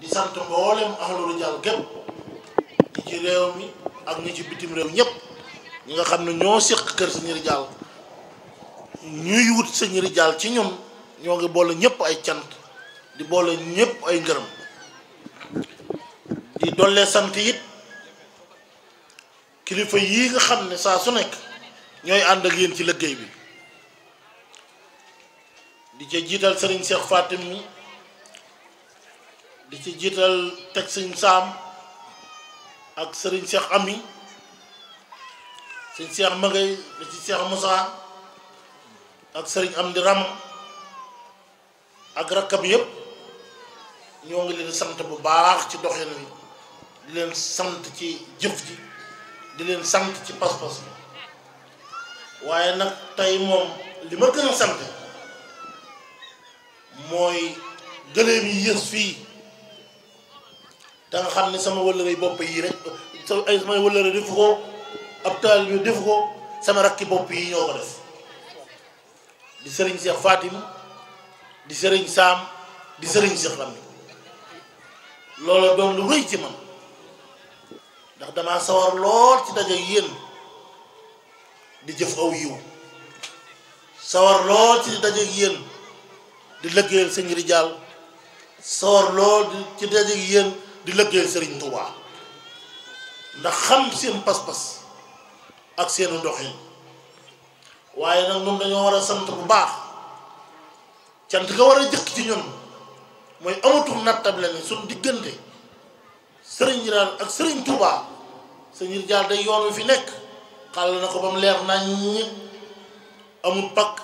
di sant mboolem ahlu rijaal gépp ñi réew mi ak ñi bitim réew ñëpp ñi nga xam ne ñoo séq kër sëñ rijaal ñuy wut sëñ rijaal ci ñoom ñoo ngi boole ñëpp ay cant di boole ñëpp ay ngërëm di dollee sant it kilifa yi nga xam ne saa su nekk ñooy ànd ak yéen ci liggéey bi di ca jiital sëriñ Cheikh Fatim mi di ci jiital teg sëñ saam ak sëriñ Cheikh Ami sëñ Cheikh Magay di ci Cheikh Moussa ak sëriñ Amdi Ram ak rakkam yëpp ñoo ngi leen sant bu baax ci doxin wi leen sant ci jëf ji di leen sant ci pas-pas bi waaye nag tey moom li ma gën a sant mooy gëléem yi yës fii da nga xam ne sama wëllëray bopp yi rek ay sama wëllëra defu ko ab taal bi defu ko sama rakki bopp yi ñoo ko def di sëriñ Cheikh Fatim di sëriñ Saam di sëriñ Cheikh Lamine loolu doon lu rëy ci man ndax damaa sawar lool ci daje yéen di jëf aw yiw sawar lool ci daje yéen di lëggéeyal sëñ Rijaal sawar lool ci daje yéen di lëggeel sëriñ Touba ndax xam seen pas-pas ak seenu yi waaye nag ñun dañoo war a sant bu baax cant nga war a jëkk ci ñun mooy amatul nattable ni suñ diggante sëriñ Jiraan ak sëriñ Touba sëriñ Jaar day yoon wi fi nekk xàll na ko ba mu leer nañ ñi amul pakk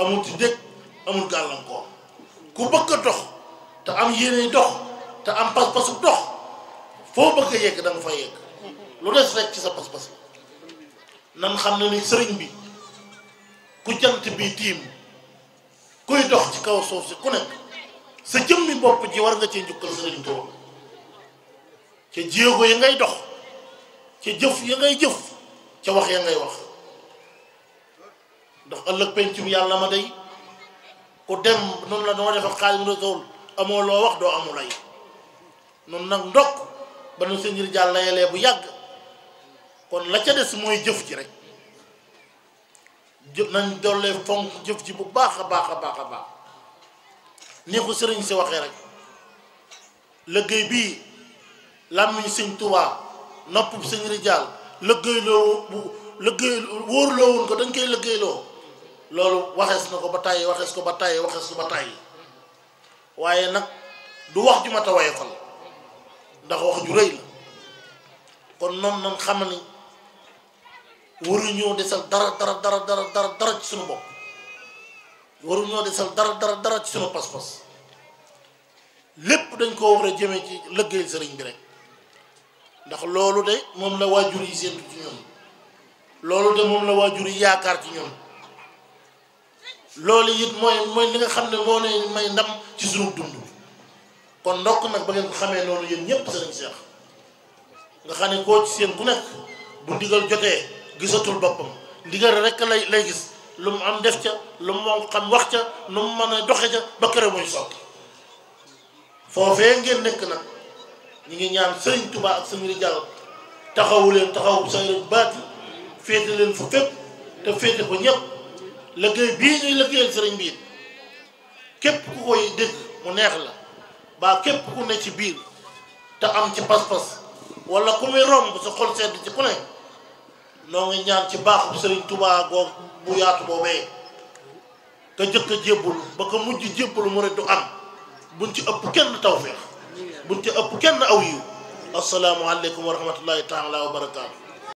amul ci dëkk amul gàllankoor ku bëgg a dox te am yéeney dox te am pas-pasu dox foo bëgg a yegg da nga fa yegg lu des rek ci sa pas nan xam ne ni sëriñ bi ku jant bi tiim kuy dox ci kaw suuf si ku nekk sa jëmmi bopp ji war nga cee njukkal sëriñ Tuubaa ca jéego yi ngay dox ca jëf ya ngay jëf ca wax ya ngay wax ndax ëllëg pencum yàlla ma day ku dem noonu la noo defa xaalis mu ne amuloo wax doo amul ay noonu nag ndokk ba nu sëñ bi jàll layalee bu yàgg kon la ca des mooy jëf ji rek jëf nañ dollee fonk jëf ji bu baax a baax a baax a baax ni ko sëriñ si waxee rek liggéey bii làmmiñ sëñ Tuubaa noppub sëñ Rijaal liggéeyloo bu liggéey wóorloo woon ko dañ koy liggéeyloo loolu waxees na ko ba tàyyi waxees ko ba tàyyi waxees ko ba tàyyi waaye nag du wax ju ma ta waye xol ndax wax ju la kon noonu nan xam ni waruñoo desal dara dara dara dara dara dara ci suñu bopp waruñoo desal dara dara dara ci suñu pas-pas lépp dañ koo war a jëme ci lëggéey sëriñ bi rek ndax loolu de moom la waajur yi séentu ci ñoom loolu de moom la waajur yi yaakaar ci ñoom loolu it mooy mooy li nga xam ne moo ne may ndam ci suñu dund kon ndokk nag ba ngeen ko xamee noonu yéen ñëpp sëriñ Cheikh nga xam ne koo ci seen ku nekk bu ndigal jotee gisatul boppam ndigal rek lay lay gis lu mu am def ca lu mu xam wax ca nu mu mën a doxe ca ba kër muy sotti foofee ngeen nekk nag ñu ngi ñaan sëriñ Touba ak sëriñ Rijal taxawu leen taxawu say leen baat féete leen fu fépp te féete ko ñëpp liggéey bii ñuy liggéeyal sëriñ bi képp ku koy dégg mu neex la. baa képp ku ne ci biir te am ci pas-pas wala ku muy romb sa xol sedd ci ku ne noo ngi ñaan ci baaxub Sëriñ Tuubaa goog bu yaatu boobee ka jëkk a jébbalu ba ka mujj jébbalu mu ne du am buñ ci ëpp kenn tawféex buñ ci ëpp kenn aw yiw assalaamu aleykum wa rahmatullahi taala wa barakaatu